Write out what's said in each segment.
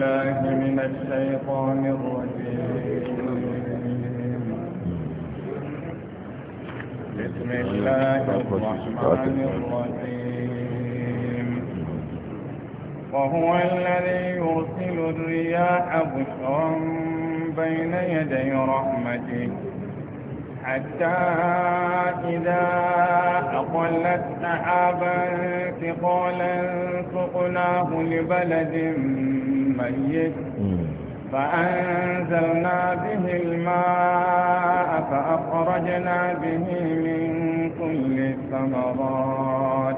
الله من الشيطان الرجيم بسم الله الرحمن الرحيم وهو الذي يرسل الرياح بشرا بين يدي رحمته حتى إذا أقلت سحابا ثقالا سقناه لبلد الميت فأنزلنا به الماء فأخرجنا به من كل الثمرات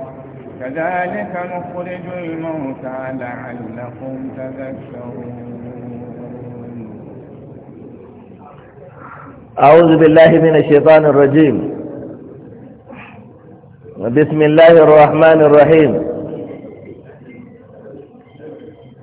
كذلك نخرج الموتى لعلكم تذكرون أعوذ بالله من الشيطان الرجيم بسم الله الرحمن الرحيم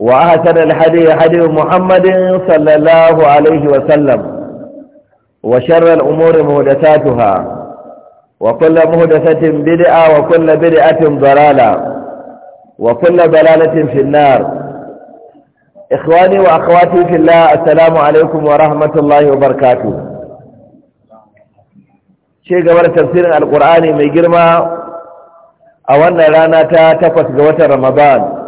وأحسن الحديث حديث محمد صلى الله عليه وسلم وشر الأمور مهدساتها وكل مهدسة بدعة وكل بدعة ضلالة وكل ضلالة في النار إخواني وأخواتي في الله السلام عليكم ورحمة الله وبركاته شيء قبل تفسير القرآن من جرمى أولا رانا تتفس قوة رمضان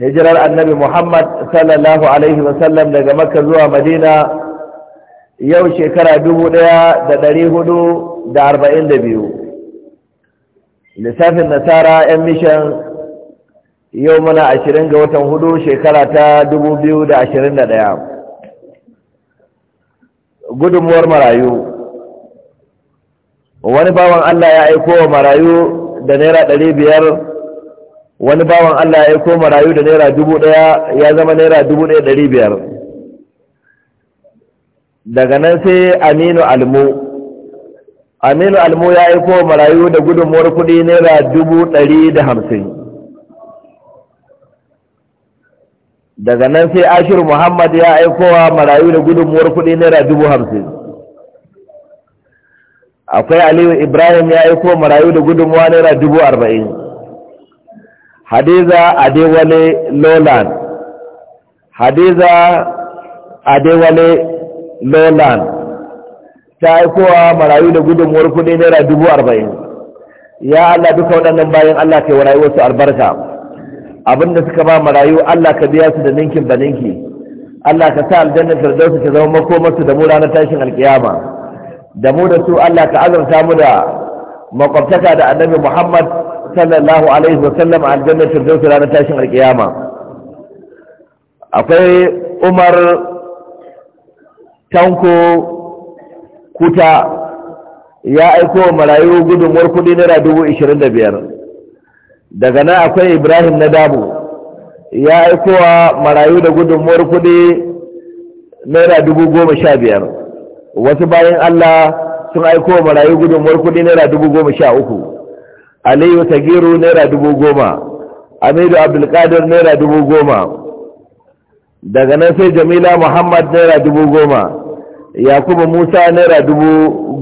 hijirar annabi muhammad sallallahu alaihi wasallam daga makka zuwa madina yau shekara dubu ɗaya da ɗari hudu da arba'in da biyu lissafin nasara 'yan mishan yau muna ashirin ga watan hudu shekara ta dubu biyu da ashirin da ɗaya gudunmuwar marayu wani bawan allah ya aiko wa marayu da naira ɗari biyar wani bawan Allah ya koma rayu da naira dubu ɗaya ya zama naira dubu ɗaya ɗari biyar daga nan sai aminu almu aminu almu ya yi koma marayu da gudunmuwar kuɗi naira dubu ɗari da hamsin daga nan sai Ashiru muhammad ya aikowa marayu da gudunmuwar kuɗi naira dubu hamsin akwai aliyu ibrahim ya aiko marayu da gudunmuwa naira dubu arba'in hadiza adewale lolan hadiza adewale lolan ta aikowa marayu da gudunmuwar kudi naira dubu arba'in ya allah duka waɗannan bayan allah yi wa wasu albarka abinda suka ba marayu allah ka biya su da ninkin ba ninki allah ka sa aljannar firdausu ta zama makomarsu da mu ranar tashin alkiyama da mu da su allah ka azarta mu da maƙwabtaka da annabi muhammad sallallahu alaihi wasallam a aljannar firdausi ranar tashin alkiyama akwai umar tanko kuta ya aiko wa marayu gudunmuwar kudi naira dubu ishirin da biyar daga nan akwai ibrahim na dabu ya aiko wa marayu da gudunmuwar kudi naira dubu goma sha biyar wasu bayan allah sun aiko wa marayu gudunmuwar kudi naira dubu goma sha uku aliyu tagiru naira dubu goma amiru abdulkadir naira dubu goma daga nan sai jamila muhammad naira dubu goma yakubu musa naira dubu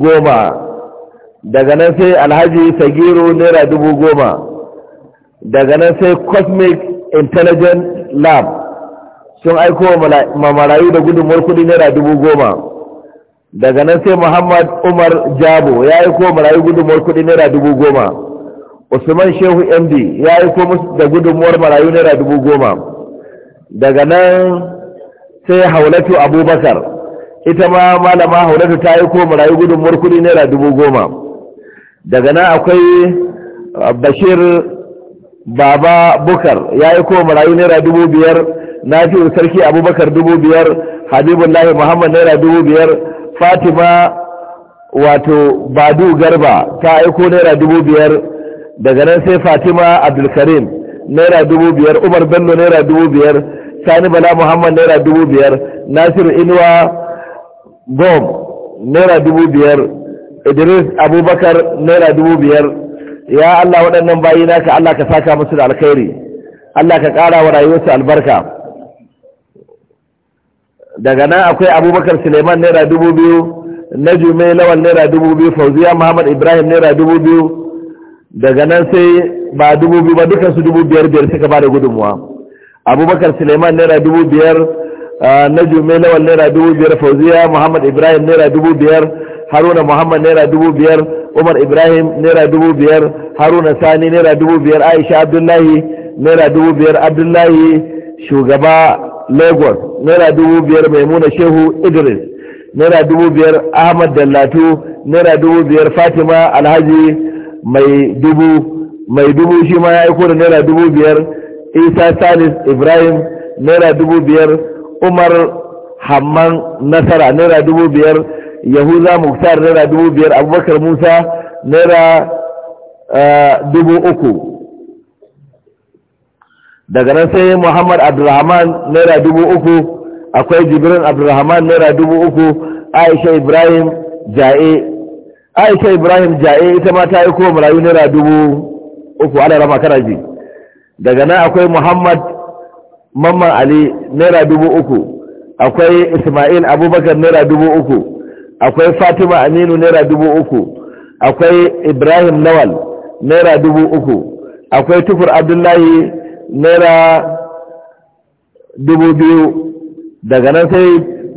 goma daga nan sai alhaji tagiru naira dubu goma daga nan sai cosmic intelligent lab sun aiko ma marayu da gudunmuwar kudi naira dubu goma daga nan sai muhammad umar jabo ya aiko marayu gudunmuwar kudi naira dubu goma usman shehu md ya yi ko da gudunmuwar marayu naira dubu goma daga nan sai haulatu abubakar ita ma malama haulatu ta yi ko marayu gudunmuwar kudi naira dubu goma daga nan akwai uh, bashir baba bukar ya yi ko marayu naira dubu biyar na fi sarki abubakar dubu biyar habibullahi muhammad naira dubu biyar fatima wato badu garba ta aiko naira dubu biyar daga nan sai fatima abdulkarim naira dubu biyar umar bello naira dubu biyar sani bala muhammad naira dubu biyar nasiru inuwa gom naira dubu biyar idris abubakar naira dubu biyar ya allah waɗannan bayi naka allah ka saka musu da alkhairi allah ka ƙara wa rayuwarsu albarka daga nan akwai abubakar suleiman naira dubu biyu Najumai lawal lawan naira dubu biyu fauziya muhammad ibrahim naira dubu biyu daga nan sai ba dubu biyu ba dukansu dubu biyar biyar suka ba da gudunmuwa abubakar suleiman naira dubu biyar na jume lawan naira dubu biyar fauziya muhammad ibrahim naira dubu biyar haruna muhammad naira dubu biyar umar ibrahim naira dubu biyar haruna sani naira dubu biyar aisha abdullahi naira dubu biyar abdullahi shugaba lagos naira dubu biyar maimuna shehu idris naira dubu biyar ahmad dallatu naira dubu biyar fatima alhaji mai dubu mai dubu shi ma ya aiko da naira dubu biyar isa salis ibrahim naira dubu biyar umar hamman nasara naira dubu biyar yahuza muktar naira dubu biyar abubakar musa naira eh, dubu uku daga nan sai muhammad abdulrahman naira dubu uku akwai jibrin abdulrahman naira dubu uku aisha ibrahim ja'e aisha ibrahim ja'e ita ma ta yi kuma marayu naira dubu uku ana rama kana ji daga nan akwai muhammad mamman ali naira dubu uku akwai ismail abubakar naira dubu uku akwai fatima aminu naira dubu uku akwai ibrahim nawal naira dubu uku akwai tukur abdullahi naira dubu biyu daga nan sai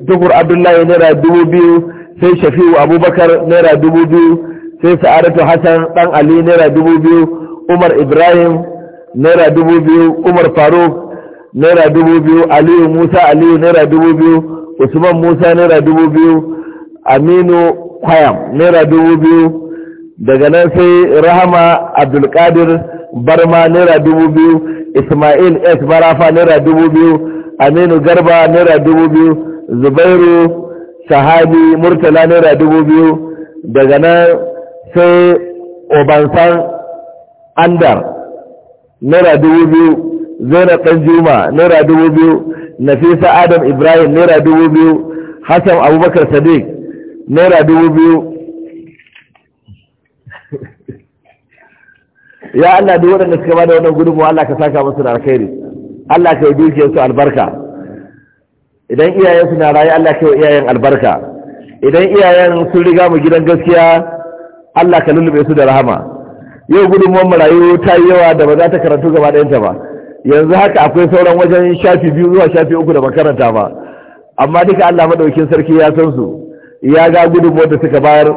tukur abdullahi naira dubu biyu sai shafi'u abubakar naira dubu biyu sai sa'adatu hassan ɗan ali naira dubu biyu umar ibrahim naira dubu biyu umar faruk naira dubu biyu aliyu musa aliyu naira dubu biyu usman musa naira dubu biyu aminu kwayam naira dubu biyu daga nan sai rahama abdulkadir barma naira dubu biyu ismail s barafa naira dubu biyu aminu garba naira dubu biyu zubairu sahabi murtala naira dubu biyu daga nan sai obansan andar naira dubu biyu zainab ɗan juma naira dubu biyu nafisa adam ibrahim naira dubu biyu hassan abubakar sadiq naira dubu biyu ya Allah duk waɗanda suka ba da wannan gudunmu Allah ka saka musu da alkhairi Allah ka yi dukiyarsu albarka idan iyayen suna rayu. Allah kai wa iyayen albarka idan iyayen sun riga mu gidan gaskiya Allah ka lullube su da rahama yau gudun gudunmuwan marayu ta yi yawa da ba za ta karantu gaba ɗayanta ba yanzu haka akwai sauran wajen shafi biyu zuwa shafi uku da makaranta ba amma duka Allah madaukin sarki ya san su ya ga gudunmuwar da suka bayar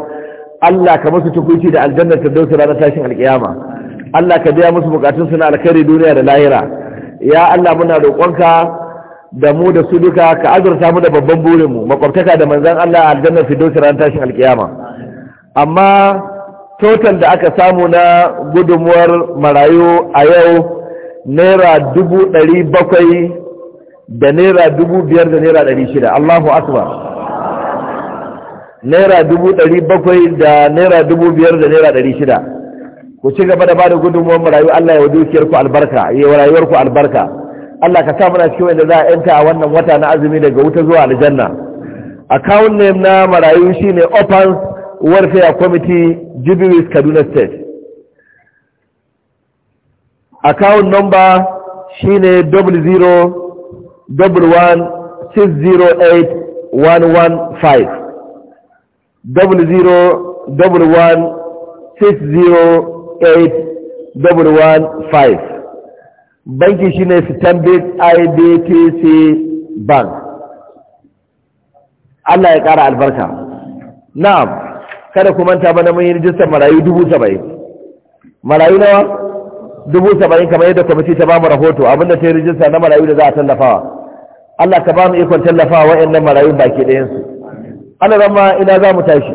Allah ka musu tukuci da aljanna aljannar firdausi ranar tashin alkiyama Allah ka biya musu bukatun su na alkhairi duniya da lahira ya Allah muna roƙonka da mu da su duka ka azurta mu da babban burinmu makwabtaka da manzan Allah a aljannar fidosi ran tashin alkiyama amma total da aka samu na gudunmuwar marayu a yau naira dubu ɗari bakwai da naira dubu biyar da naira ɗari shida Allahu akbar naira dubu ɗari bakwai da naira dubu biyar da naira ɗari shida ku ci gaba da ba da gudunmuwar marayu Allah ya wa dukiyarku albarka ya wa rayuwarku albarka Allah ka sa muna cikin wanda za a yanta a wannan wata na azumi daga wuta zuwa aljanna account name na marayu shine Open Warfare Committee Jubilee Kaduna State account number shine 0011608115 double zero double one banki ne standard IBTC Bank Allah ya kara albarka na'am kada ku manta bana mun yi rijistar marayu dubu saba'in marayu nawa dubu saba'in kamar yadda kwamiti ta bamu mu rahoto abinda ta yi rijista na marayu da za a tallafawa Allah ka ba ikon tallafawa wa'annan marayun baki ɗayansu Allah zama ina za mu tashi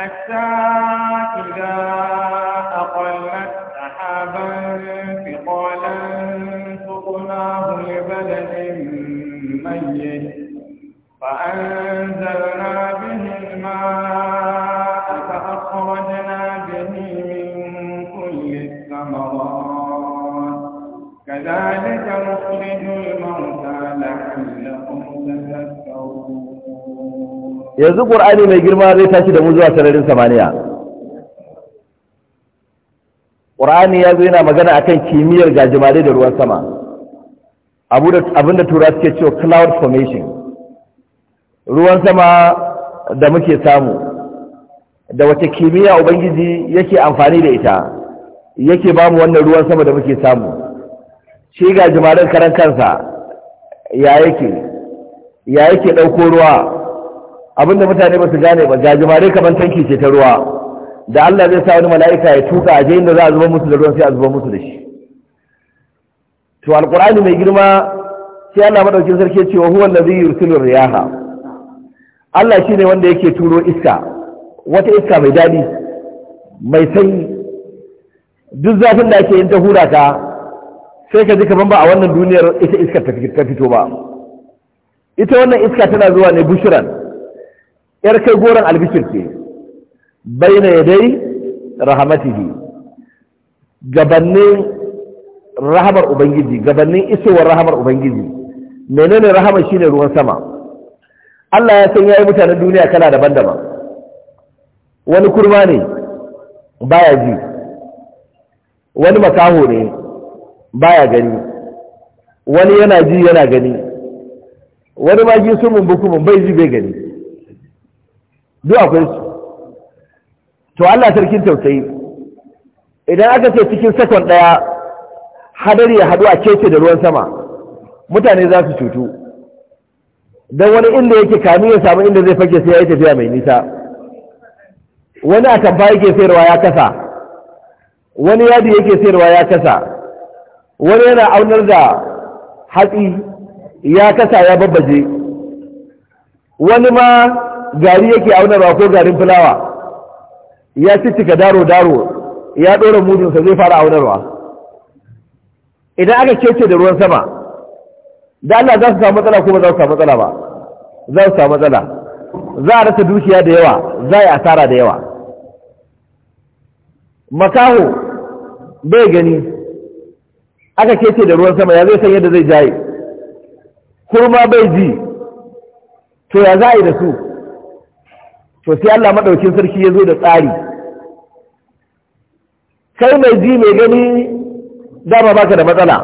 حتى إذا yanzu ƙur'ani mai girma zai tashi da mu zuwa sararin samaniya ƙur'ani ya zo yana magana akan kimiyyar gajimare da ruwan sama abinda tura suke cewa cloud formation ruwan sama da muke samu da wace kimiyya ubangiji yake amfani da ita yake bamu wannan ruwan sama da muke samu shi ga karan kansa ya yake ya yake ɗauko ruwa abinda mutane ba su gane ba dai kamar tanki ce ta ruwa da Allah zai sa wani mala'ika ya tuka a jayin da za a zuba musu da ruwan sai a zuba musu da shi to alqur'ani mai girma sai Allah madaukin sarki cewa, wa huwa allazi yursilu riyaha Allah shine wanda yake turo iska wata iska mai dadi mai sanyi duk zafin da ake yin ta hura ka sai ka ji kaman ba a wannan duniyar ita iska ta fito ba ita wannan iska tana zuwa ne bushiran yar kai goron albishir ce baina yadai rahamatihi gabanin rahamar ubangiji gabanin isowar rahamar ubangiji menene rahamar shine ruwan sama Allah ya san yayi mutanen duniya kala daban-daban wani kurma ne baya ji wani makaho ne baya gani wani yana ji yana gani wani ma ji sumun bukumun bai ji bai gani duk akwai su to Allah sarkin tausayi idan aka ce cikin sakon ɗaya hadari ya haɗu a kece da ruwan sama mutane za su cutu don wani inda yake kami ya samu inda zai fage sai ya yi tafiya mai nisa wani a tamfa yake sayarwa ya kasa wani yadi yake sayarwa ya kasa wani yana aunar da hatsi ya kasa ya babbaje wani ma gari yake ba ko garin fulawa ya cicika daro-daro ya ɗora mudinsa zai fara aunarwa idan aka kece da ruwan sama da Allah za su samu matsala ko ba za su samu matsala ba za su samu matsala za a rasa dukiya da yawa za a yi asara da yawa makaho bai gani aka kece da ruwan sama ya zai san yadda zai jaye kurma bai ji to ya za a yi da su to sai Allah madaukin sarki ya zo da tsari kai mai ji mai gani dama baka da matsala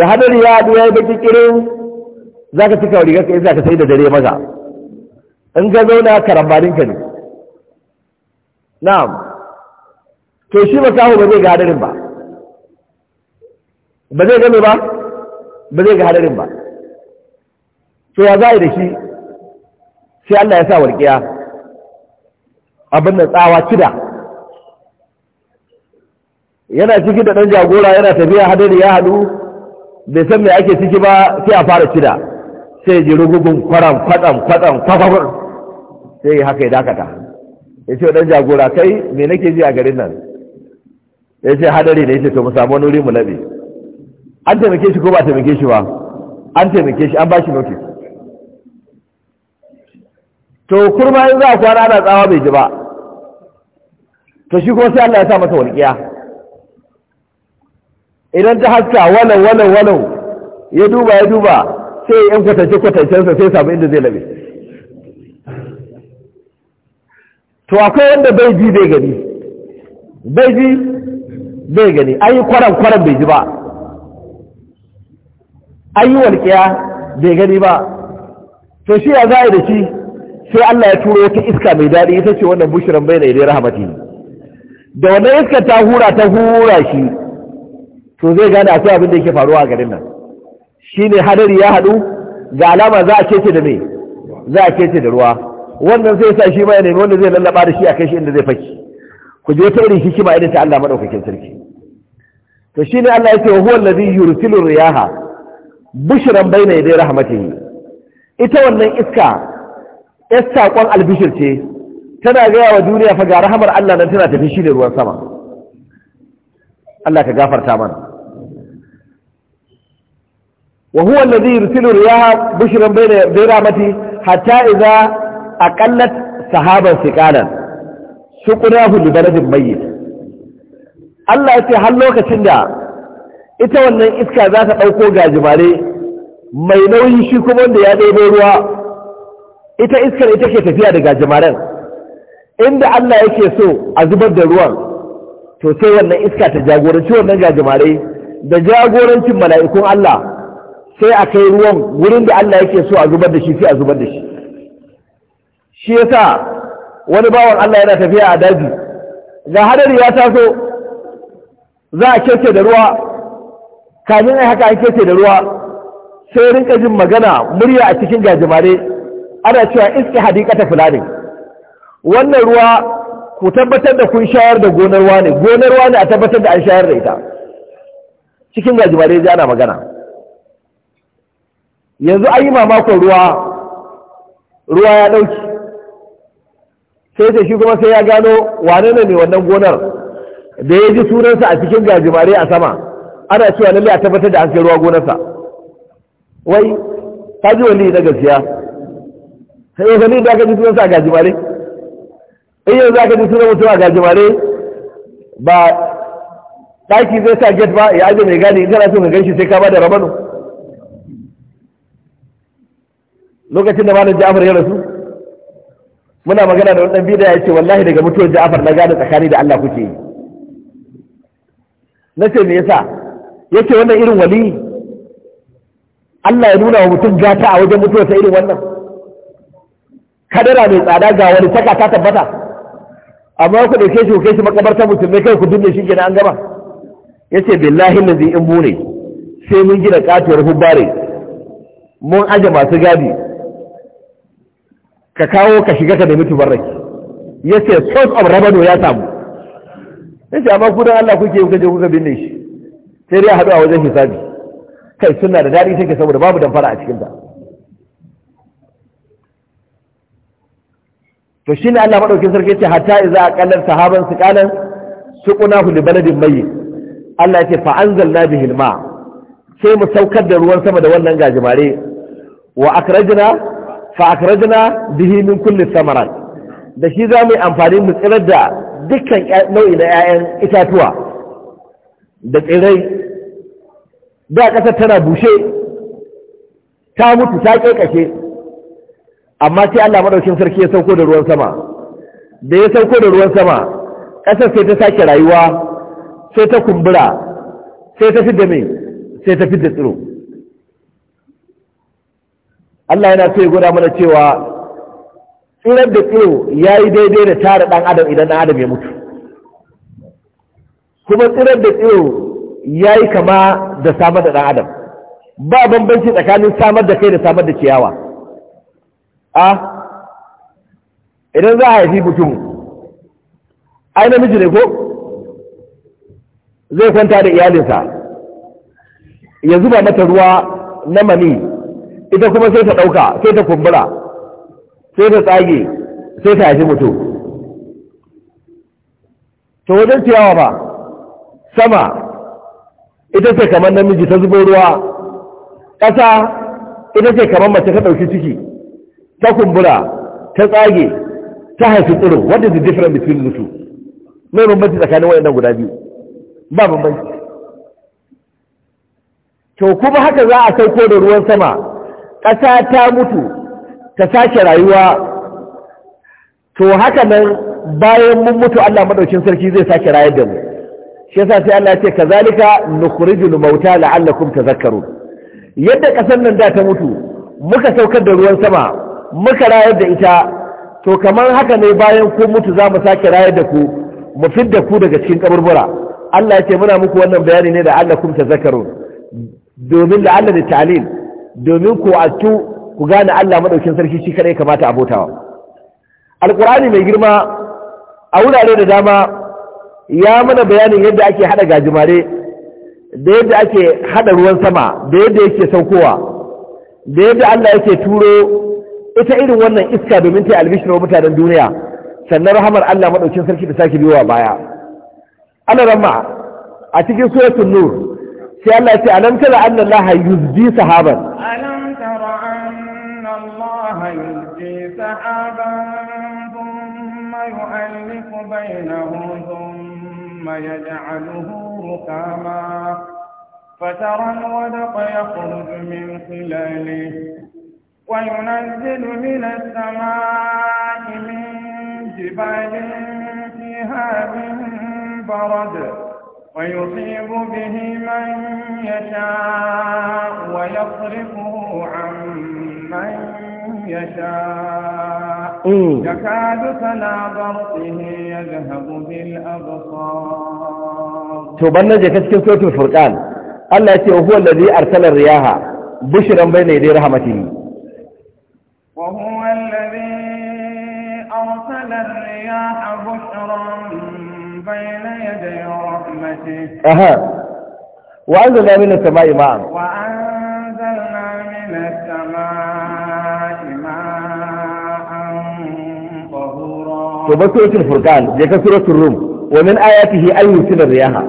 da hadari ya haɗu ya yi baki kirin za ka cika rigar ka isa ka sai da dare maza in ka zauna karambanin ka ne na'am to shi ba kawo ba zai ga hadarin ba ba zai gane ba ba zai ga hadarin ba to ya za da shi sai Allah ya sa walƙiya abin da tsawa kida yana ciki da ɗan jagora yana tafiya hadari ya haɗu bai san mai ake ciki ba sai a fara kida sai ji rugugun kwaram kwatsam kwatsam kwakwakwar. sai haka ya dakata ya ce ɗan jagora kai me nake ji a garin nan ya ce hadari ne ya ce to mu samu wani wuri mu labe an taimake shi ko ba taimake shi ba an taimake shi an ba shi notice to kurma in za a kwana ana tsawa bai ji ba to shi kuma sai Allah ya sa masa walƙiya idan ta haska walau walau walau ya duba ya duba sai yan kwatance kwatancensa sai samu inda zai labe to akwai wanda bai ji bai gani bai ji bai gani an yi kwaran kwaran bai ji ba an yi walƙiya bai gani ba to shi ya za'a da shi sai Allah ya turo wata iska mai daɗi ita ce wannan bushiran bai na idai rahamati da wannan iska ta hura ta hura shi to zai gane akwai abin da yake faruwa a garin nan Shi ne hadari ya haɗu ga alama za a kece da me za a kece da ruwa wannan zai sa shi ma ya nemi wanda zai lallaba da shi a kai shi inda zai faki ku je ta irin hikima irin ta Allah madaukakin sarki to shi ne Allah ya ce wa huwa allazi yursilu riyaha bushran bayna yaday rahmatihi ita wannan iska ‘yar saƙon albishir ce tana gaya wa duniya fa ga rahamar Allah nan tana tafi shi ne ruwan sama Allah ka gafarta mana wa huwa allazi yursilu riyaha bushran bayna bayramati hatta idza aqallat sahaban siqalan suqnahu li baladin mayyit Allah ya ce har lokacin da ita wannan iska za ta ɗauko gajimare mai nauyi shi kuma wanda ya ɗebo ruwa ita iskar ita ke tafiya daga jimaren inda Allah yake so a zubar da ruwan to sai wannan iska ta jagoranci wannan gajimare da jagorancin mala'ikun Allah sai a kai ruwan wurin da Allah yake so a zubar da shi sai a zubar da shi shi yasa wani bawan Allah yana tafiya a daji ga hadari ya taso za a kece da ruwa kamin ai haka an kece da ruwa sai rinka jin magana murya a cikin gajimare ana cewa iske hadikata fulani wannan ruwa ku tabbatar da kun shayar da gonar wane gonar wane a tabbatar da an shayar da ita cikin gajimare ji ana magana yanzu an yi mamakon ruwa ruwa ya ɗauki sai sai shi kuma sai ya gano wane ne wannan gonar da ya ji sunansa a cikin gajimare a sama ana cewa lalle a tabbatar da an kai ruwa gonarsa wai ta ji wani na gaskiya sai yanzu ne da aka ji sunan sa gajimare in yanzu ka ji sunan mutum a gajimare ba ɗaki zai sa get ba ya ajiye mai gani in kana so ka ganshi sai ka bada rabano lokacin da malam Ja'far ya rasu muna magana da wannan da ya ce wallahi daga mutuwar Ja'far na gane tsakani da Allah kuke yi na ce me yasa yake wannan irin wali Allah ya nuna wa mutum gata a wajen mutuwarsa irin wannan kadara mai tsada ga wani saka ta tabbata amma ku dauke shi ku kai shi makabarta musulmai kai ku dinne shi kenan an gama yace billahi ladhi in bune sai mun gina katuwar hubbare mun aje masu gadi ka kawo ka shiga ka nemi tubarraki yace source of revenue ya samu yace amma ku dan Allah kuke kuka je kuka binne shi sai dai a haɗu a wajen hisabi kai suna da daɗi take saboda babu damfara a cikinta to shi ne Allah maɗaukin sarki ce hatta iza a ƙalar sahaban su ƙalar su ƙuna huli baladin mai Allah ce fa'anzal na bihil hilma sai mu saukar da ruwan sama da wannan gajimare wa akrajina fa akrajina bihi min kulli samarat da shi za mu yi amfani mu tsirar da dukkan nau'i na 'ya'yan itatuwa da tsirai da ƙasar tana bushe ta mutu ta ƙeƙashe amma sai Allah madaukin sarki ya sauko da ruwan sama da ya sauko da ruwan sama ƙasar sai ta sake rayuwa sai ta kumbura sai ta fidda mai sai ta fidda tsiro Allah yana so ya gwada mana cewa tsirar da tsiro ya yi daidai da tara ɗan adam idan ɗan adam ya mutu kuma tsirar da tsiro ya yi kama da samar da ɗan adam ba bambanci tsakanin samar da kai da samar da ciyawa a idan za a haifi mutum ai namiji ne ko zai kwanta da iyalinsa ya zuba mata ruwa na mani ita kuma sai ta ɗauka sai ta kumbura sai ta tsage sai ta haifi mutum ta wajen ciyawa ba sama ita ce kamar namiji ta zubo ruwa ƙasa ita ce kamar mace ta ɗauki ciki ta kumbura ta tsage ta haifi tsiro what is the difference between the two mai bambanci tsakanin wayannan guda biyu ba bambanci to kuma haka za a sauko da ruwan sama ƙasa ta mutu ta sake rayuwa to haka nan bayan mun mutu Allah madaukin sarki zai sake rayar da mu shi yasa sai Allah ya ce kazalika nukhrijul mauta la'allakum tadhakkarun yadda ƙasar nan da ta mutu muka saukar da ruwan sama muka rayar da ita to kamar haka ne bayan ku mutu za mu sake rayar da ku mu fidda ku daga cikin kaburbura Allah ya ce muna muku wannan bayani ne da Allah kum tazakkarun domin da Allah da ta'lil domin ku atu ku gane Allah madaukin sarki shi kadai kamata abotawa alqur'ani mai girma a wurare da dama ya mana bayanin yadda ake hada gajimare da yadda ake hada ruwan sama da yadda yake saukowa da yadda Allah yake turo ita irin wannan iska domin ta albishir wa mutanen duniya sannan rahamar Allah maɗaukin sarki da sake biyowa baya ana ramma a cikin suratul nur sai Allah ya ce alam tara anna Allah yuzdi sahaban alam tara anna Allah yuzdi sahaban thumma yu'allifu bainahu thumma yaj'aluhu rukama فترى الودق يخرج من خلاله وينزل من السماء من جبال فيها من برد ويصيب به من يشاء ويصرفه عن من يشاء يكاد سنا برقه يذهب بالأبصار توبنا جاكت كيف سورة الفرقان الله يتي وهو الذي أرسل الرياح بشرا بين يدي رحمته وهو الذي أرسل الرياح بشرا بين يدي رحمته أها وأنزلنا من السماء ماء وأنزلنا من السماء ماء طهورا وبسورة الفرقان ذكر سورة الروم ومن آياته أن يرسل الرياح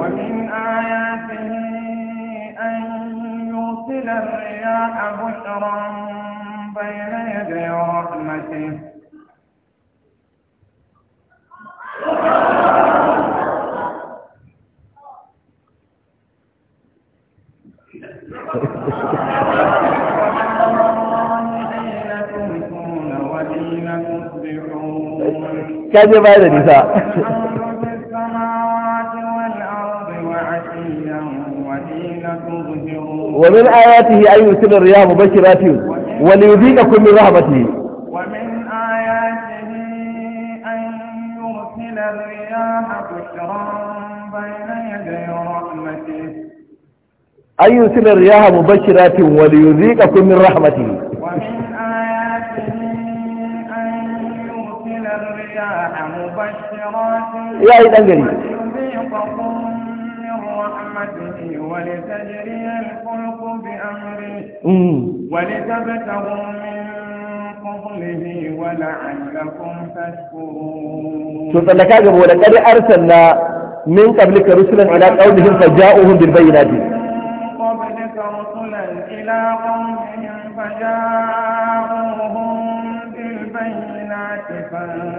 ka je baya da ومن آياته أن يرسل الرياح مبشرات وليذيقكم من رحمته ومن آياته أن يرسل الرياح بشرا بين يدي رحمته أن يرسل الرياح مبشرات وليذيقكم من رحمته مبشرات يا إذا ليذيقكم من رحمته ولتجري الفلك بأمره ولتبتغوا من فضله ولعلكم تشكرون شوف لك أرسلنا من قبلك رسلا على قولهم فجاؤهم بالبينات من قبلك رسلا إلى قومهم فجاؤهم بالبينات فانسوا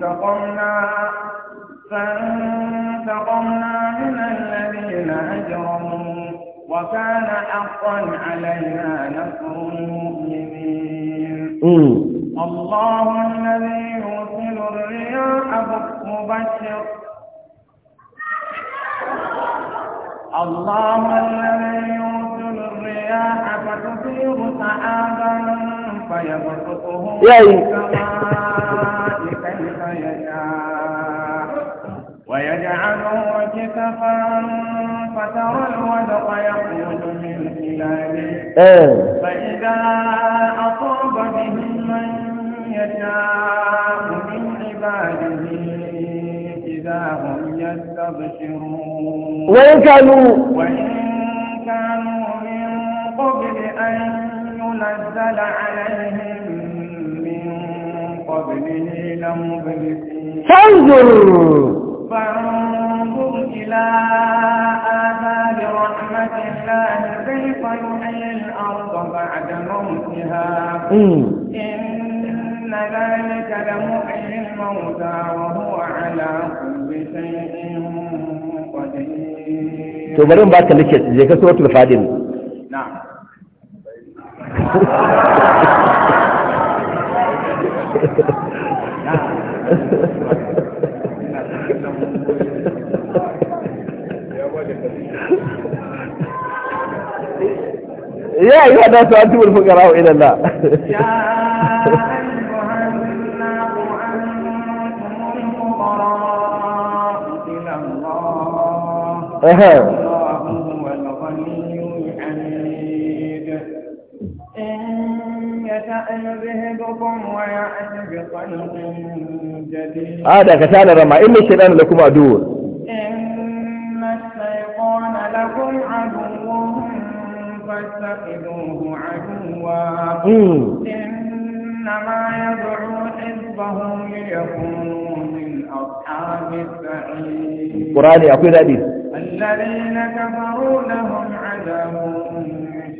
فانتقمنا فانتقمنا من الذين أجرموا وكان حقا علينا نصر المؤمنين الله الذي يرسل الرياح مبشر الله الذي يرسل الرياح فتثير سحابا فيبسطه في السماء ويجعلون كسفا فترى الودق يخرج من خلاله فإذا أصاب به من يشاء من عباده إذا هم يستبشرون وإن كانوا وإن كانوا من قبل أن ينزل عليهم من قبله لمبلسين فانظر فانظر إلى آثار رحمة الله كيف يحيي الأرض بعد موتها إن ذلك لمحيي الموتى وهو على كل شيء قدير. تو بريم باكا لكي زي كسوة الفادين. نعم. يا أيها الناس أنتم الفقراء إلى الله يا أيها أنتم الفقراء إلى الله الله هو الغني الحميد إن يشأ يذهبكم ويأتي بخلق جديد هذا كتان ما إن الشيطان لكم عدو إنما يدعو حزبه ليكونوا من أصحاب السعير القرآن يقول هذه الذين كفروا لهم عذاب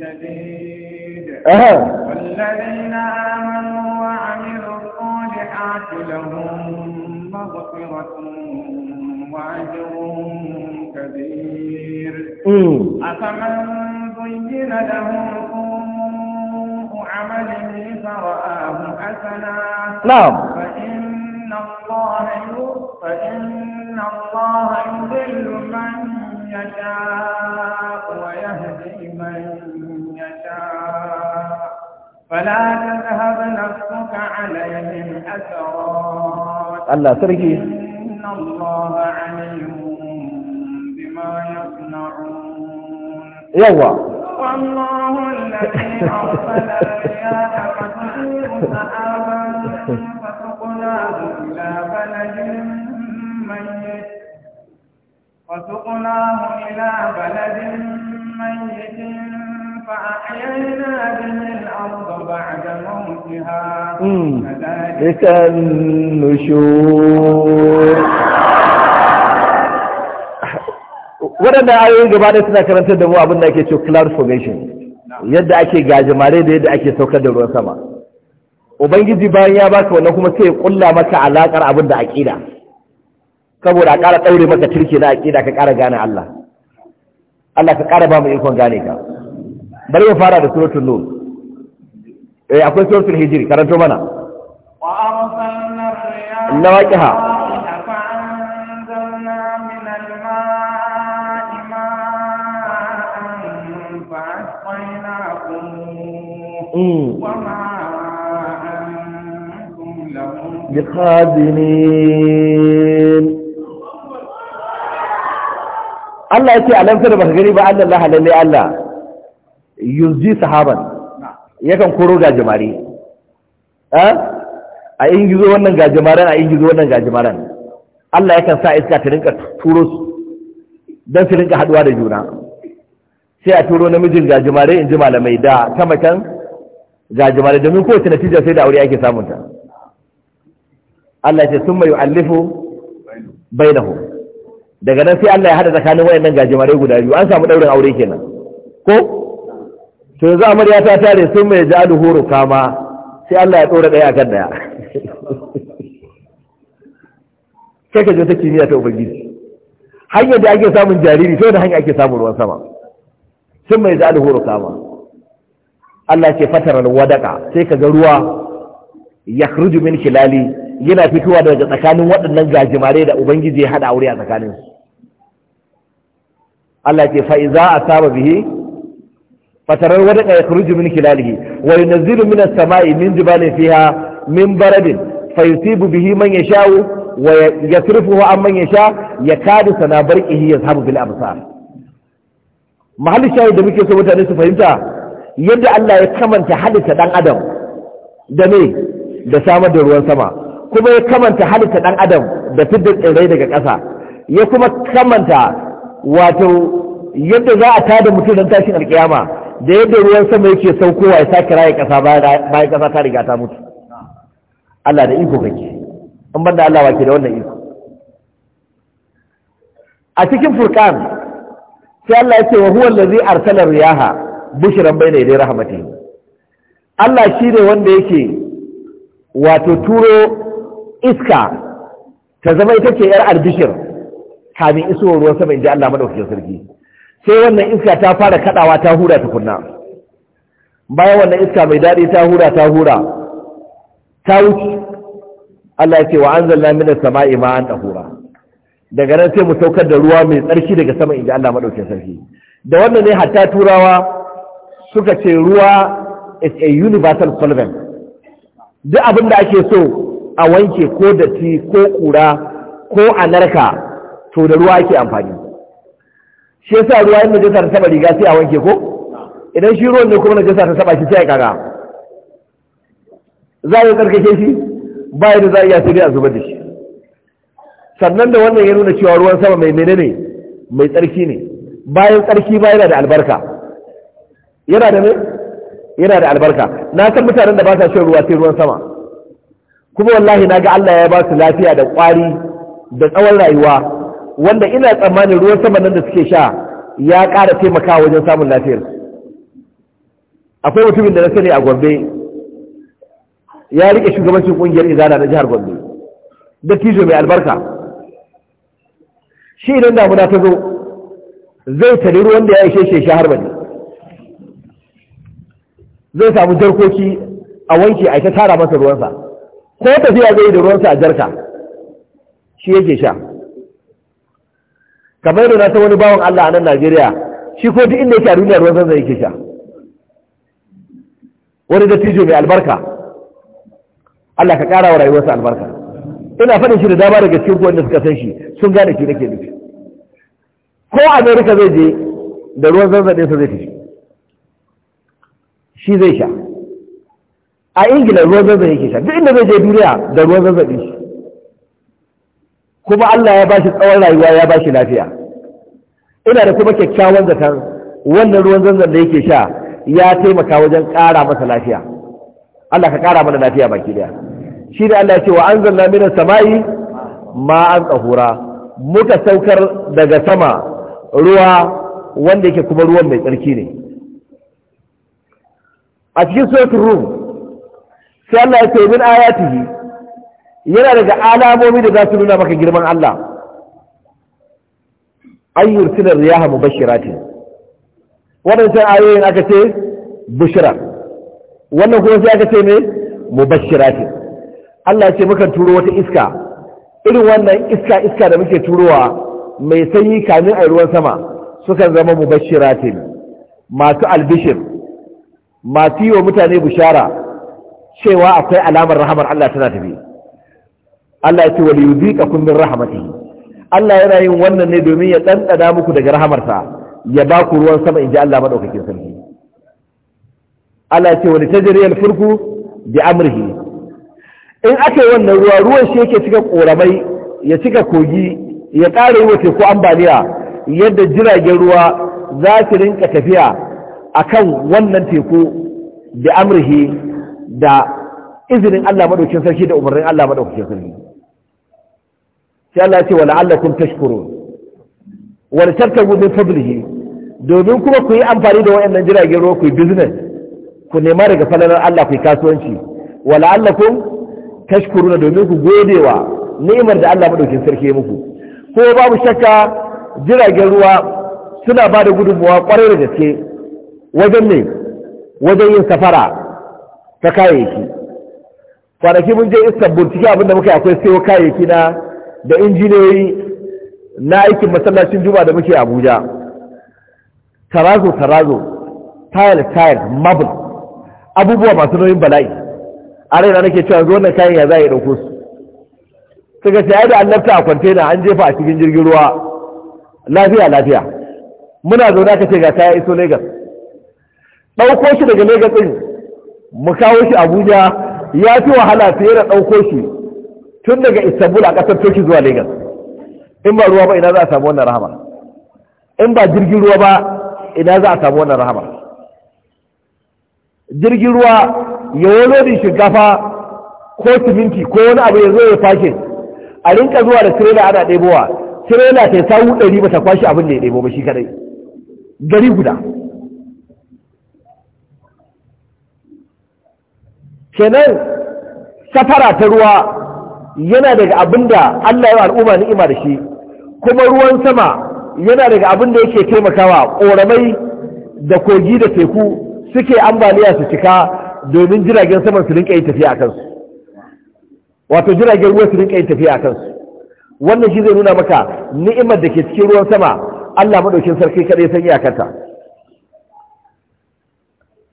شديد أها. والذين آمنوا وعملوا الصالحات لهم مغفرة وأجر كبير أفمن زين له عمله فرآه حسنا نعم فإن الله فإن الله يضل من يشاء ويهدي من يشاء فلا تذهب نفسك عليهم أثرات الله تركي إن الله عليم بما يصنعون يوا والله فسقناه إلى ayoyin gaba ɗaya suna karantar da mu abin da ake cewa clarification yadda ake gajimare da yadda ake saukar da ruwan sama ubangiji bayan ya baka wannan kuma sai ya kulla maka alakar abin da aqida saboda a ƙara ɗaure maka turke na aqida ka ƙara gane Allah Allah ka ƙara ba mu ikon gane ka bari mu fara da suratul nur eh akwai suratul hijri karanto mana wa arsalna riyaha بخادنين Allah ya ce a ba ka gani ba Allah halalle Allah yuzji sahaban yakan koro gajimare a yin gizo wannan gajimaren a yin gizo wannan gajimaren Allah yakan sa iska ta rinka turo su don su rinka haduwa da juna sai a turo namijin gajimare in ji malamai da ta macen gajimare domin kowace natija sai da aure ake samunta Allah ya ce sun mai bai bainahu daga nan sai Allah ya hada tsakanin wayannan gajimare guda biyu an samu daurin aure kenan ko to yanzu amarya ta tare sun mai ja huru kama sai Allah ya tsora daya akan daya sai ka je ta kimiyya ta ubangiji hanyar da ake samun jariri to da hanya ake samun ruwan sama sun mai ja huru kama Allah ce fataral wadaka sai ka ga ruwa ya min hilali yana fitowa daga tsakanin waɗannan gajimare da ubangiji ya haɗa aure a tsakanin Allah ce fa'iza a saba bihi fataral wadaka ya min hilalihi wa yunazzilu min samai min bane fiha min baradin fa bihi man yasha'u wa an man ya yakadu sana ya sabu bil absar mahalli shayi da muke so mutane su fahimta yadda Allah ya kamanta halitta ɗan adam da ne da samar da ruwan sama kuma ya kamanta halitta ɗan adam da fidda tsirrai daga ƙasa ya kuma kamanta wato yadda za a tada mutum don tashin alkiyama da yadda ruwan sama yake saukowa ya sake raye ƙasa bayan ƙasa ta riga ta mutu Allah da iko kake an banda Allah wake da wannan iko a cikin furkan sai Allah ya ce wa huwa allazi arsala riyaha bai ne dai rahmati. Allah shi ne wanda yake wato turo iska ta zama ita ce yar albishir kamin isowar ruwan sama inji Allah madaukakin sarki sai wannan iska ta fara kaɗawa ta hura kunna bayan wannan iska mai daɗi ta hura ta hura ta wuce Allah ce wa anzalna minas sama'i ma'an tahura daga nan sai mu saukar da ruwa mai tsarki daga sama inji Allah madaukakin sarki da wannan ne hatta turawa suka ce ruwa is a universal solvent duk abin da ake so a wanke ko datti ko kura ko a narka to da ruwa ake amfani shi yasa ruwa yin najasa ta saba riga sai a wanke ko idan shi ruwan ne kuma najasa ta saba shi sai a kaga za a yi tsarkake shi ba da za a iya sai dai a zubar da shi sannan da wannan ya nuna cewa ruwan sama mai menene mai tsarki ne bayan tsarki ba yana da albarka yana da yana da albarka na san mutanen da ba sa shan ruwa sai ruwan sama kuma wallahi na ga Allah ya ba su lafiya da kwari da tsawon rayuwa wanda ina tsammanin ruwan sama nan da suke sha ya ƙara taimakawa wajen samun lafiyar akwai mutumin da na sani a gombe ya rike shugabancin kungiyar izana na jihar gombe da tijo mai albarka shi idan damuna ta zo zai tare ruwan da ya ishe shi shahar bane zai samu jarkoki a wanke a ta tara masa ruwansa ko tafiya zai da ruwansa a jarka shi yake sha kamar da na san wani bawan Allah a nan Najeriya shi ko duk inda yake a duniya ruwan zai yake sha wani dattijo mai albarka Allah ka ƙara wa rayuwarsa albarka ina faɗin shi da dama daga cikin da suka san shi sun gane shi nake nufi ko Amerika zai je da ruwan zanzan ɗinsa zai tafi shi zai sha a ingila ruwan zazzabi yake sha duk inda zai je duniya da ruwan zazzabi shi kuma Allah ya bashi tsawon rayuwa ya bashi lafiya ina da kuma kyakkyawan zaton wannan ruwan zanzan da yake sha ya taimaka wajen ƙara masa lafiya Allah ka ƙara mana lafiya baki daya shi da Allah ya ce wa anzalna minas sama'i ma an tsahura muka saukar daga sama ruwa wanda yake kuma ruwan mai tsarki ne a cikin suratul rum sai Allah ya ce min ayatihi yana daga alamomi da za su nuna maka girman Allah an yurtilar riyaha mubashiratin waɗancan ayoyin aka ce bushira wannan kuma sai aka ce ne mubashiratin Allah ya ce muka turo wata iska irin wannan iska iska da muke turowa mai sanyi kamin a ruwan sama sukan zama mubashiratin masu albishir masu yi wa mutane bishara cewa akwai alamar rahamar Allah tana tafi Allah ya ce wa liyu zika kundin rahamati Allah yana yin wannan ne domin ya ɗanɗana muku daga rahamarsa ya ba ku ruwan sama in ji Allah maɗaukakin sarki Allah ya ce wani tajri alfurku bi amrihi in aka yi wannan ruwa ruwan shi yake cika ƙoramai, ya cika kogi ya ƙara yi wa teku ambaliya yadda jiragen ruwa za su rinka tafiya akan wannan teku da amurhi da izinin Allah maɗaukin sarki da umarnin Allah maɗaukin sarki sai Allah ce wala allakum tashkuro wani tarkabu gudun fadlihi domin kuma ku yi amfani da wayannan jiragen ruwa ku yi business ku nema daga falalar Allah ku yi kasuwanci wala tashkuro tashkuruna domin ku gode wa ni'imar da Allah maɗaukin sarki ya muku ko babu shakka jiragen ruwa suna ba da gudunmuwa ƙwarai da gaske wajen ne wajen yin safara ta kayayyaki kwanaki mun je istanbul ciki abin da muka akwai sai kayayyaki na da injiniyoyi na aikin masallacin juma da muke abuja tarazo tarazo tile tile marble abubuwa masu nauyin bala'i a na nake cewa zuwa wannan kayan ya za a yi ɗauko su suka ce da lafta a kwantena an jefa a cikin jirgin ruwa lafiya lafiya muna zaune aka ce ga kaya iso lagos ɗauko shi daga Legas ɗin mu kawo shi Abuja ya fi wahala fiye da ɗauko shi tun daga Istanbul a ƙasar Turki zuwa Legas in ba ruwa ba ina za a samu wannan rahama in ba jirgin ruwa ba ina za a samu wannan rahama jirgin ruwa ya wani shinkafa ko siminti ko wani abu ya zo ya fashe a rinka zuwa da tirela ana ɗebowa tirela ta yi sawu ɗari ba ta kwashe abin da ya ɗebo ba shi kadai gari guda kenan safara ta ruwa yana daga abin da Allah ya yi al'umma ni'ima da shi kuma ruwan sama yana daga abin da yake taimakawa ƙoramai da kogi da teku suke ambaliya su cika domin jiragen saman su rinka yi tafiya a kansu wato jiragen ruwa su rinka yi tafiya a kansu wannan shi zai nuna maka ni'imar da ke cikin ruwan sama Allah madaukin sarki kadai san iyakarta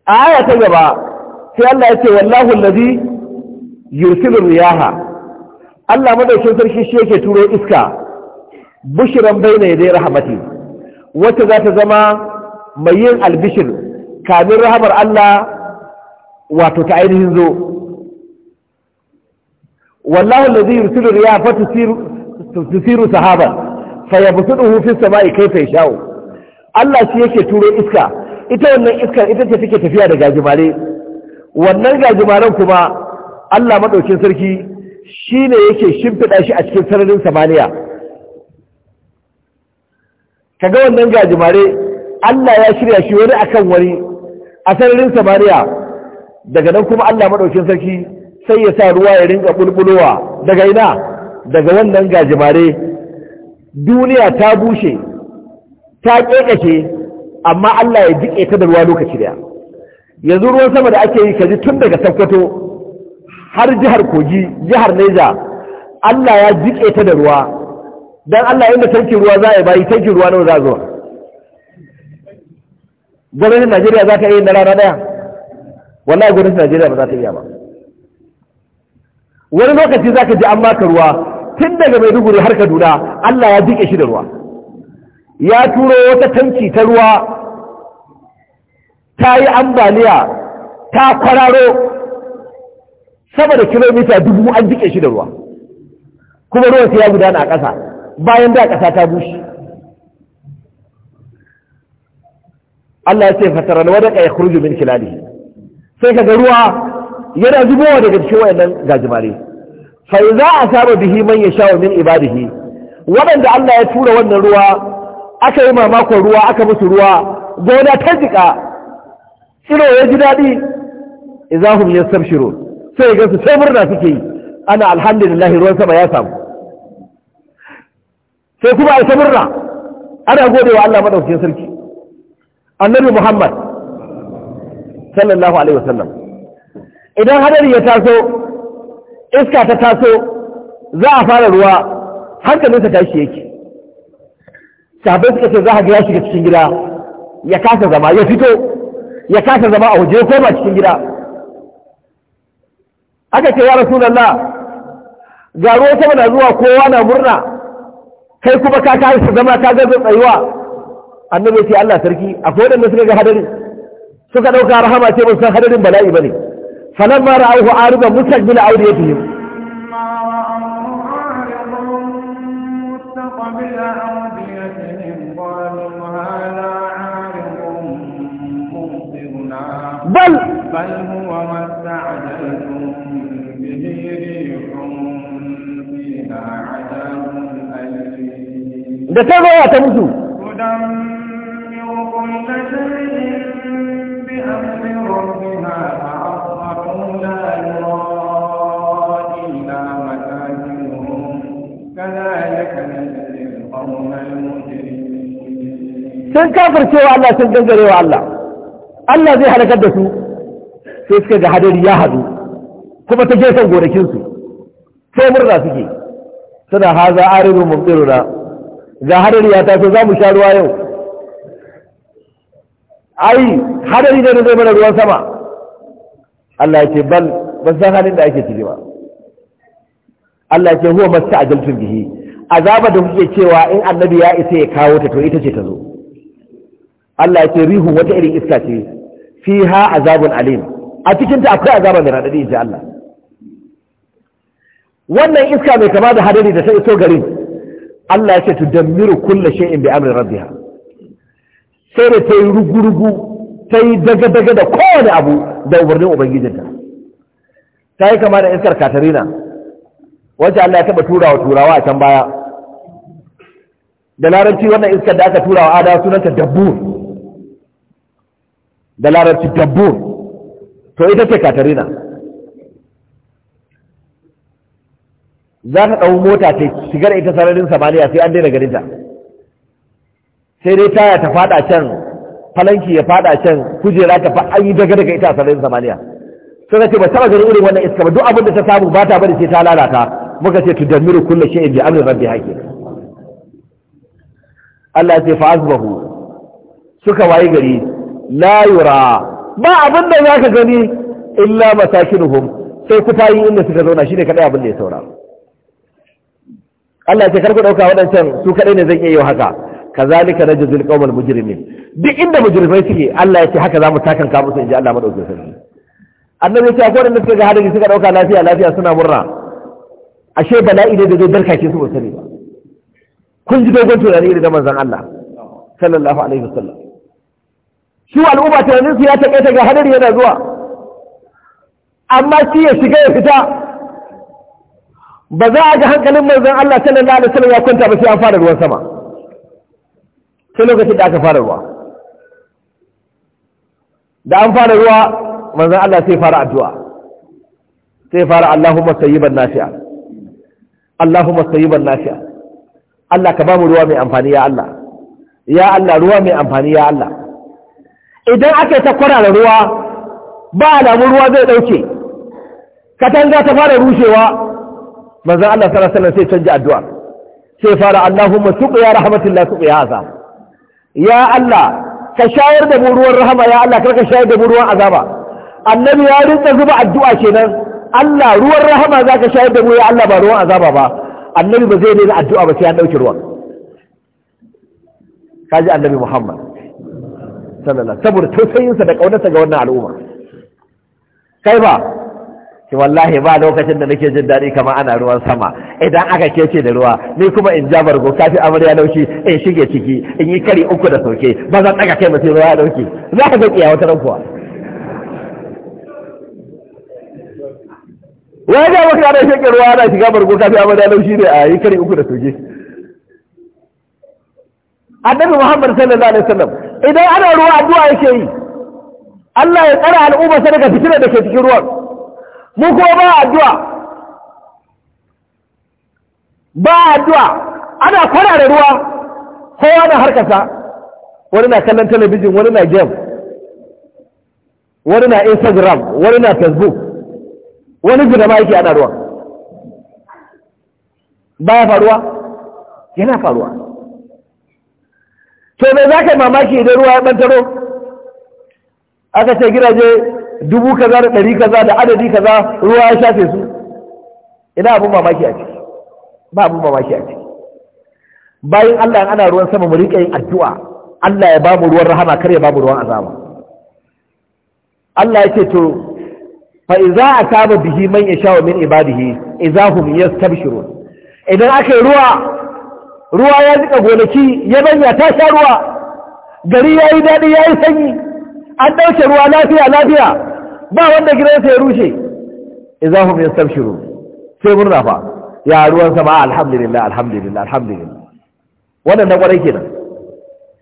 a aya ta gaba sai Allah ya ce wallahu allazi yursilu riyaha Allah madaukin sarki shi yake turo iska bushran baina yaday rahmati za ta zama mai yin albishir kamin rahamar Allah wato ta ainihin zo wallahu yursilu riyaha fatusiru sahaban fayabsuduhu sama'i kayfa yasha'u Allah shi yake turo iska ita wannan iskar ita ce take tafiya da gajimare wannan gajimaren kuma Allah maɗaukin sarki shi ne yake shimfiɗa shi a cikin sararin samaniya Ka ga wannan gajimare Allah ya shirya shi wani akan wani a sararin samaniya daga nan kuma Allah maɗaukin sarki sai ya sa ruwa ya rinka bulbulowa daga ina daga wannan gajimare duniya ta bushe ta ƙeƙashe amma Allah ya jiƙe ta da ruwa lokaci daya yanzu ruwan sama da ake yi kaji tun daga sakkwato har jihar kogi jihar neja allah ya jiƙe ta da ruwa don allah inda tankin ruwa za a yi bayi tankin ruwa nawa za a zuwa gwamnatin najeriya za ta yi na rana daya wallahi gwamnatin najeriya ba za ta iya ba wani lokaci za ka ji an maka ruwa tun daga mai duguri har kaduna allah ya jiƙe shi da ruwa ya turo wata tanki ta ruwa ta yi ambaliya ta kwararo sama da kilomita dubu an jike shi da ruwa kuma ruwan sai ya gudana a ƙasa bayan da ƙasa ta bushe Allah ya ce fatara na wadaka ya kurju min kilali sai kaga ruwa yana zubowa daga cikin wayannan gajimare fa a saba bihi man yasha min ibadihi waɗanda Allah ya tura wannan ruwa aka yi mamakon ruwa aka musu ruwa gona ta jika shiro ya ji daɗi izahum yastabshirun sai ga su sai murna suke yi ana alhamdulillah ruwan sama ya samu sai kuma a murna ana gode wa Allah madaukakin sarki annabi Muhammad sallallahu alaihi wasallam idan hadari ya taso iska ta taso za a fara ruwa hankalinsa tashi yake sahabbai suka ce za a ga shiga cikin gida ya kasa zama ya fito ya kasa zama a waje ko ba cikin gida aka ce ya rasulullah ga ruwa sama na zuwa kowa na murna kai kuma ka kasa zama ka gaza tsayuwa annabi ce Allah sarki A ko wadanda suka ga hadari suka dauka rahama ce ban san hadarin bala'i ba bane falamma aure ya fi awdiyatihim بل بل هو ما استعجلتم به ريح فيها عذاب أليم ده كيف هو تموتوا تدمر كل شيء بأمر ربها فأصبحوا لا يرى إلا مساكنهم كذلك نجزي القوم المجرمين سن كافر سوى الله سن كافر الله Allah zai halakar da su sai suka ga hadari ya hadu kuma ta gefen gonakinsu sai murna suke suna haza ariru mumtiruna ga hadari ya taso za mu sha ruwa yau ai hadari ne da zai mana ruwan sama Allah ya ce bal ban san halin da ake ciki ba Allah ya ce huwa masta ajaltun bihi azaba da kuke cewa in annabi ya isa ya kawo ta to ita ce ta zo Allah ya ce rihu wata irin iska ce fiha azabun alim a cikin ta akwai azaba mai radadi ji Allah wannan iska mai kama da hadari da ta iso garin Allah ya ce tudammiru kullu shay'in bi amri rabbiha sai da ta yi rugurugu ta yi daga-daga da kowane abu da umarnin ubangijinta ta yi kama da iskar katarina wacce Allah ya taɓa wa turawa a can baya da larabci wannan iskar da aka turawa ada sunanta dabbu da larabci dabbur to ita ce katarina za ta ɗau mota ta shigar ita sararin samaniya sai an daina garinta sai dai taya ta fada can falanki ya fada can kujera ta fa an yi daga daga ita sararin samaniya sai ta ce ba taba ganin irin wannan iska ba duk abin da ta samu ba ta bari sai ta lalata muka ce tudammiru kullu shay'in bi amri rabbi hakim Allah ya ce fa azbahu suka wayi gari la yura ba abin da za ka gani illa masakinuhum sai fayi inda suka zauna shine kadai abin da ya saura Allah ce karku dauka waɗancan su kadai ne zan iya yi haka kazalika najzil qaumal mujrimin duk inda mujrimai suke Allah ya ce haka zamu takanka musu inji Allah madaukakin sarki annabi ya ce akwai wanda suka ga hadari suka dauka lafiya lafiya suna murna ashe bala'i ne da zai darkake su ba sani ba kun ji dogon tunani da manzon Allah sallallahu alaihi wasallam shi al'umma tunanin su ya taƙaita ga hadari yana zuwa amma shi ya shiga ya fita ba za a ga hankalin manzon Allah sallallahu alaihi wasallam ya kwanta ba sai an fara ruwan sama sai lokacin da aka fara ruwa da an fara ruwa manzon Allah sai fara addu'a sai fara Allahumma sayyiban nafi'a Allahumma sayyiban nafi'a Allah ka ba mu ruwa mai amfani ya Allah ya Allah ruwa mai amfani ya Allah idan aka ta kwarara ruwa ba alamu ruwa zai ɗauke katanga ta fara rushewa manzan Allah sallallahu alaihi wasallam sai canja addu'a sai fara Allahumma tuqiya rahmatillah tuqiya azab ya Ya Allah ka shayar da mu ruwan rahama ya Allah kar ka shayar da mu ruwan azaba annabi ya rinta zuba addu'a kenan Allah ruwan rahama za ka shayar da mu ya Allah ba ruwan azaba ba annabi ba zai daina addu'a ba sai an dauki ruwan ji annabi Muhammad sallallahu saboda tausayinsa da kaunarsa ga wannan al'umma kai ba ki wallahi ba lokacin da nake jin daɗi kamar ana ruwan sama idan aka kece da ruwa ni kuma in ja bargo kafi amarya laushi in shige ciki in yi kari uku da sauke ba zan daga kai mutum ruwa dauke za ka ga kiyawa ta rankuwa wani ja maka da shige ruwa ana shiga bargo kafi amarya laushi ne a yi kari uku da sauke annabi muhammad sallallahu alaihi wasallam idan ana ruwa addu'a yake yi Allah ya tsara al'umma sa daga fitinar dake cikin ruwan mu kuma ba addu'a ba addu'a ana kwana da ruwa kowa na harkasa wani na kallon talabijin wani na game wani na instagram wani na facebook wani gina ma yake ana ruwa ba ya faruwa yana faruwa to me za ka yi mamaki idan ruwa ya ɓantaro aka ce gidaje dubu kaza da ɗari kaza da adadi kaza ruwa ya shafe su ina abin mamaki a ciki ba abin mamaki a ciki bayan Allah ana ruwan sama mu riƙa yin addu'a Allah ya ba mu ruwan rahama kar ya ba mu ruwan azaba Allah ya ce to fa iza asaba bihi man yasha min ibadihi idza hum yastabshirun idan aka yi ruwa ruwa ya jika gonaki ya yabanya ta sha ruwa gari ya yi daɗi ya yi sanyi an ɗauke ruwa lafiya lafiya ba wanda gidansa ya rushe sam shiru? sai murna fa ya ruwan sama alhamdulillah alhamdulillah alhamdulillah wannan na kwarai kenan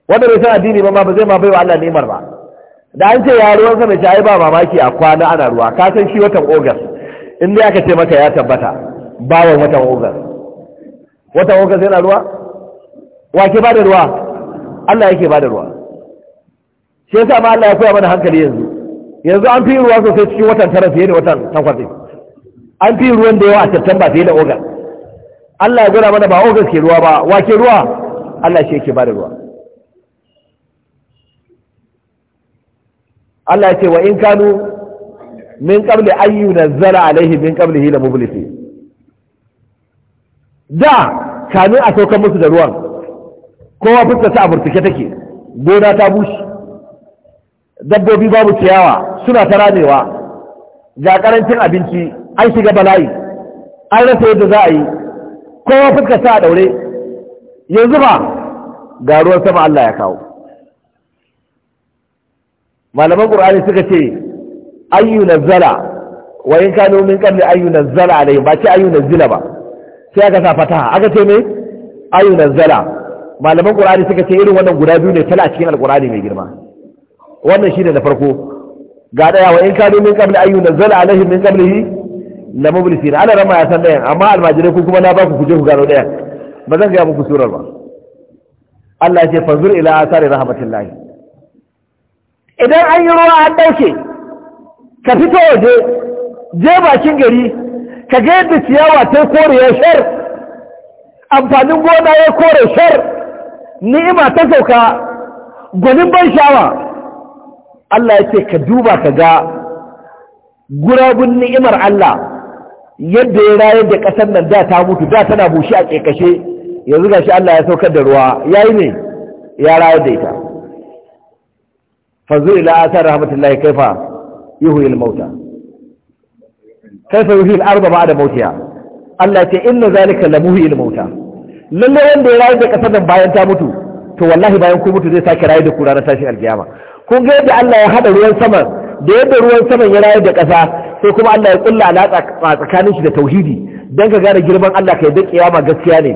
wanda bai san addini ba ma ba zai ma Allah ni'imar ba da an ce ya ruwan sama ce ai ba mamaki a kwana ana ruwa ka san shi watan ogas in dai aka ce maka ya tabbata bawan watan ogas wata hukar sai na ruwa wa ke ba da ruwa Allah yake ba da ruwa shi yasa ma Allah ya koya mana hankali yanzu yanzu an fi ruwa sosai cikin watan tara fiye da watan takwas an fi ruwan da yawa a September fiye da ogan Allah ya gwada mana ba ogan ke ruwa ba wa ke ruwa Allah shi yake ba da ruwa Allah ya ce wa in kanu min qabli ayyuna zala alaihi min qablihi la mublisi da kamin a saukan musu da ruwan kowa fuska ta burtuke take gona ta bushe dabbobi babu ciyawa suna ta ramewa ga karancin abinci an shiga bala'i an rasa yadda za a yi kowa fuska ta a daure yanzu ba ga ruwan sama Allah ya kawo malaman ƙur'ani suka ce ayyu zala, wa in kanu min qabli ayyu nazala alayhim ba ce ayyu nazila ba sai aka sa fataha aka ce mai ayu nazala malaman qur'ani suka ce irin wannan guda biyu ne tana a cikin alqur'ani mai girma wannan shine na farko ga daya wa in kanu min qabli ayu nazala alaihi min qablihi la mublisin ala rama ya san dayan amma almajire ku kuma na ba ku kuje ku gano dayan ba zan ga muku surar ba Allah ya ce fanzur ila asari rahmatillahi idan an yi ruwa an dauke ka fito waje je bakin gari ka ga yadda ciyawa ta kore ya shar amfanin gona ya kore shar ni'ima ta sauka gwanin ban sha'awa Allah ya ce ka duba ka ga gurabun ni'imar Allah yadda ya raye da ƙasar nan da ta mutu da tana bushe a ƙeƙashe yanzu ga shi Allah ya saukar da ruwa ya yi ne ya raye da ita fanzu ila asar rahmatullahi kaifa yuhu ilmauta mauta kaifa al-ardu ba'da mautiha Allah ce inna zalika la al mauta lalle wanda ya rayu da kasar nan bayan ta mutu to wallahi bayan ku mutu zai sake rayu da ku ranar al-qiyama kun ga yadda Allah ya hada ruwan sama da yadda ruwan saman ya rayu da kasa sai kuma Allah ya kulla alaƙa tsakanin shi da tauhidi dan ka gane girman Allah kai da kiyama gaskiya ne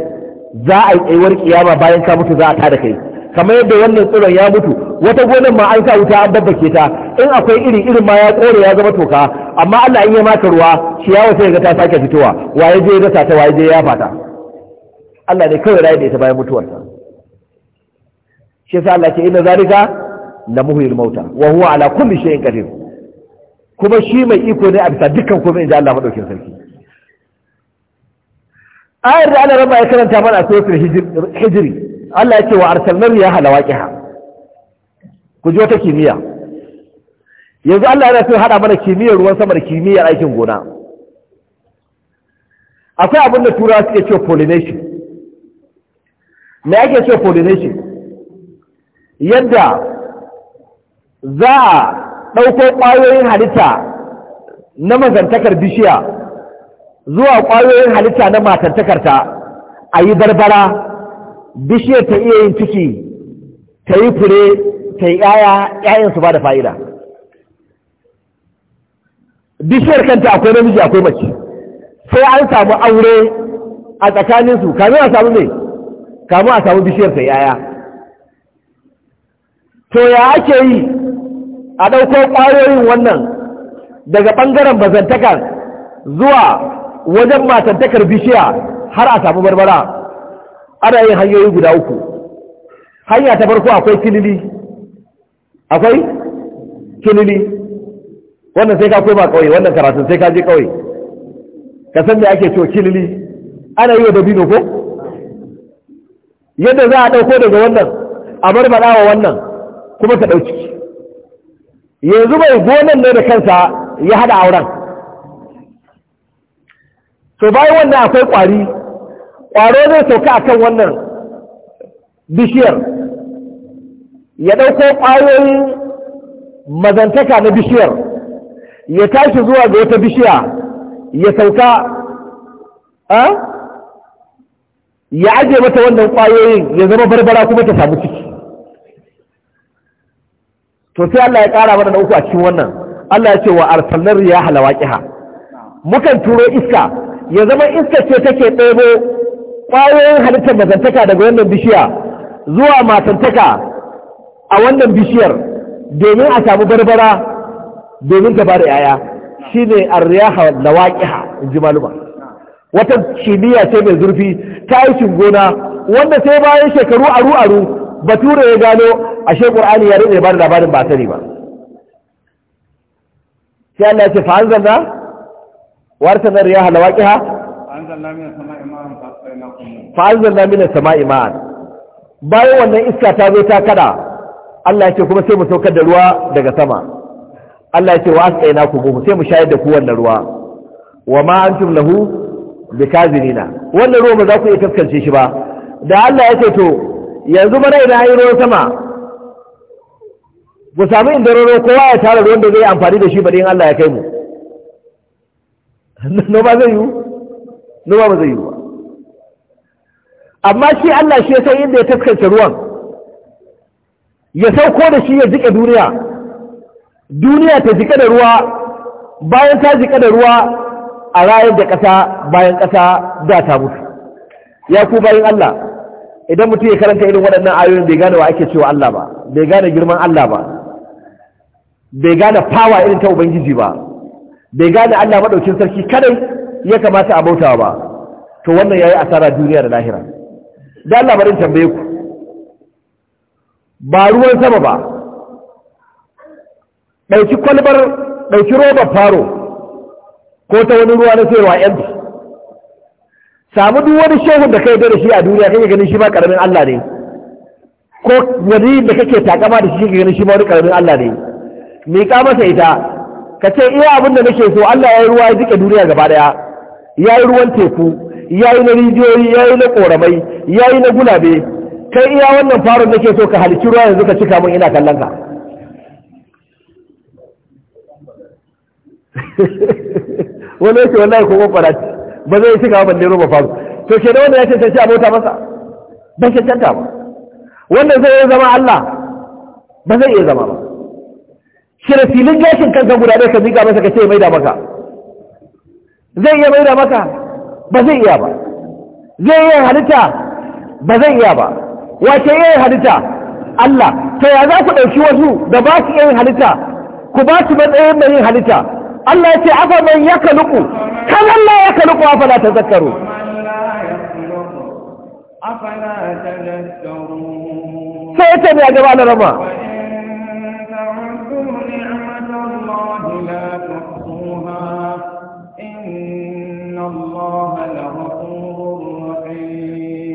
za a yi tsayuwar kiyama bayan ka mutu za a tada kai kamar yadda wannan tsiron ya mutu wata gonan ma an sa wuta an babbake ta in akwai iri irin ma ya kore ya zama toka amma Allah in ya maka ruwa ciyawa sai ga ta sake fitowa waye je ya ta waye je ya fata Allah ne kawai rayu da ita bayan ta shi yasa Allah ke inna zalika la muhyil mauta wa huwa ala kulli shay'in qadir kuma shi mai iko ne a bisa dukkan komai inda Allah madaukin sarki ayar da Allah rabba ya karanta mana a sura hijri Allah ya ce wa arsalna riyaha lawaqiha ku ji wata kimiyya yanzu Allah yana so hada mana kimiyyar ruwan sama da kimiyyar aikin gona akwai abin da turawa suke cewa pollination me ake cewa pollination yadda za a ɗauko ƙwayoyin halitta na mazantakar bishiya zuwa ƙwayoyin halitta na ta a yi barbara bishiyar ta iya yin ciki ta yi fure ta yi ƴaƴa ƴaƴansu ba da fa'ida bishiyar kanta akwai namiji akwai mace sai an samu aure a tsakaninsu kamin a samu ne kamin a samu bishiyar ta yaya to ya ake yi a ɗauko ƙwayoyin wannan daga ɓangaren bazantakar zuwa wajen matantakar bishiya har a samu barbara ana yin hanyoyi guda uku hanya ta farko akwai kilili akwai kilili wannan sai ka koma kawai wannan karatun sai ka je kawai ka san da ake cewa kilili ana yi wa dabino ko yadda za a ɗauko daga wannan a marmara wa wannan kuma ka ɗauki yanzu mai gonan ne da kansa ya haɗa auren to bayan wannan akwai ƙwari ƙwaro zai sauka a kan wannan bishiyar ya ɗauko ƙwayoyin mazantaka na bishiyar ya tashi zuwa ga wata bishiya ya sauka ya aje mata wannan kwayoyin ya zama barbara kuma ta samu ciki to sai Allah ya ƙara mana na uku a cikin wannan Allah ya ce wa arsalnar riya lawaqiha mukan turo iska ya zama iska ce take ɗebo kwayoyin halittar mazantaka daga wannan bishiya zuwa matantaka a wannan bishiyar domin a samu barbara domin ta bada yaya shi ne shine arriyaha lawaqiha in ji maluma wata kimiyya ce mai zurfi ta aikin gona wanda sai bayan shekaru aru aru bature ya gano ashe qur'ani ya rinne ba da labarin ba sani ba sai Allah ya ce fa anzalna warsalna riyaha lawaqiha fa anzalna na mina samai iman bayan wannan iska ta zo ta kada Allah ya ce kuma sai mu saukar da ruwa daga sama Allah ya ce wa ina ku sai mu shayar da ku wannan ruwa wa ma antum lahu kazinina wannan ruwa ba za ku iya kaskance shi ba da Allah ya ce to yanzu mana ina yi ruwan sama ku sami inda ruwa kowa ya tara ruwan da zai amfani da shi bari in Allah ya kai mu no ba zai yi no ba zai yi ba amma shi Allah shi ya san inda ya taskance ruwan ya sauko da shi ya jike duniya duniya ta jika da ruwa bayan ta jika da ruwa a rayar da ƙasa bayan ƙasa da ta mutu ya ku bayan Allah idan mutu ya karanta irin waɗannan ayoyin bai gane wa ake cewa Allah ba bai gane girman Allah ba bai gane fawa irin ta Ubangiji ba bai gane Allah maɗaukin sarki kadai ya kamata a bautawa ba to wannan ya yi asara duniya da lahira da Allah barin tambaye ku ba ruwan sama ba ɗauki kwalbar ɗauki robar faro ko ta wani ruwa na sayarwa yanzu samu duk wani shehun da kai da shi a duniya kai ganin shi ba karamin Allah ne ko wani da kake takama da shi kake ganin shi ba wani karamin Allah ne miƙa masa ita ka ce iya abin da nake so Allah ya yi ruwa ya duka duniya gaba daya ya yi ruwan teku ya yi na rijiyoyi ya yi na ƙoramai ya yi na gulabe kai iya wannan faron nake so ka halicci ruwa yanzu ka cika mun ina kallon ka wani yake wallahi ko gobara ba zai shiga ban ne roba famu to ke da wanda ya cancanci a bauta masa ba cancanta ba wanda zai iya zama Allah ba zai iya zama ba shi da filin gashin kanka guda ɗaya ka miƙa masa ka ce maida maka zai iya maida maka ba zai iya ba zai iya halitta ba zai iya ba wace iya halitta Allah ta ya za ku ɗauki wasu da ba su iya halitta ku ba su matsayin mai yin halitta Allah ya ce afa man ya kaluku kan Allah ya kaluku afa la ta zakaru sai ta ne a gaba na rama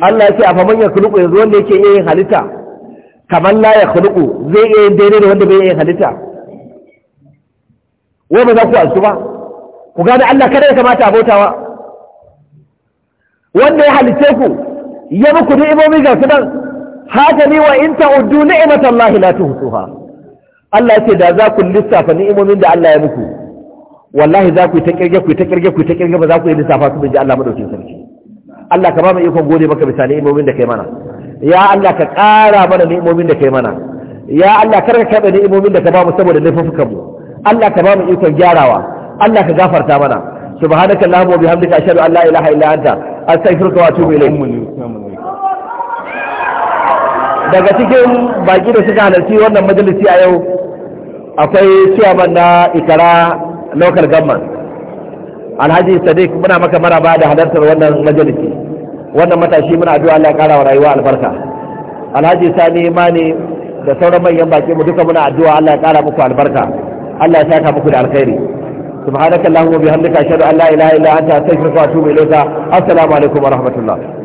Allah ya ce afa man ya kaluku yanzu wanda yake yin halitta kamar la ya kaluku zai iya yin daidai da wanda bai yin halitta wai ba za ku asu ba ku gane Allah kada ya kamata abotawa wanda ya halice ku ya muku ni'imomi ga su nan haka ni wa in ta'uddu ni'matallahi la tuhsuha Allah ce da za ku lissafa ni'imomin da Allah ya muku wallahi za ku ta kirge ku ta kirge ku ta kirge ba za ku yi lissafa su bin ji Allah madaukin sarki Allah ka ba mu ikon gode maka bisa ni'imomin da kai mana ya Allah ka ƙara mana ni'imomin da kai mana ya Allah kar ka kaɓe ni'imomin da ka ba mu saboda laifukan mu Allah ka ba mu ikon gyarawa Allah ka gafarta mana subhanaka allahumma wa bihamdika ashhadu an la ilaha illa anta astaghfiruka wa atubu ilayk daga cikin baki da suka halarci wannan majalisi a yau akwai chairman na ikara local government alhaji sadiq muna maka maraba da halartar wannan majalisi wannan matashi muna addu'a Allah ya kara wa rayuwa albarka alhaji sani Mani da sauran manyan baki mu duka muna addu'a Allah ya kara muku albarka Allah ya saka muku da alkhairi subhanakallahumma bihamdika ashhadu an la ilaha illa anta astaghfiruka wa atubu ilayka assalamu alaikum wa rahmatullah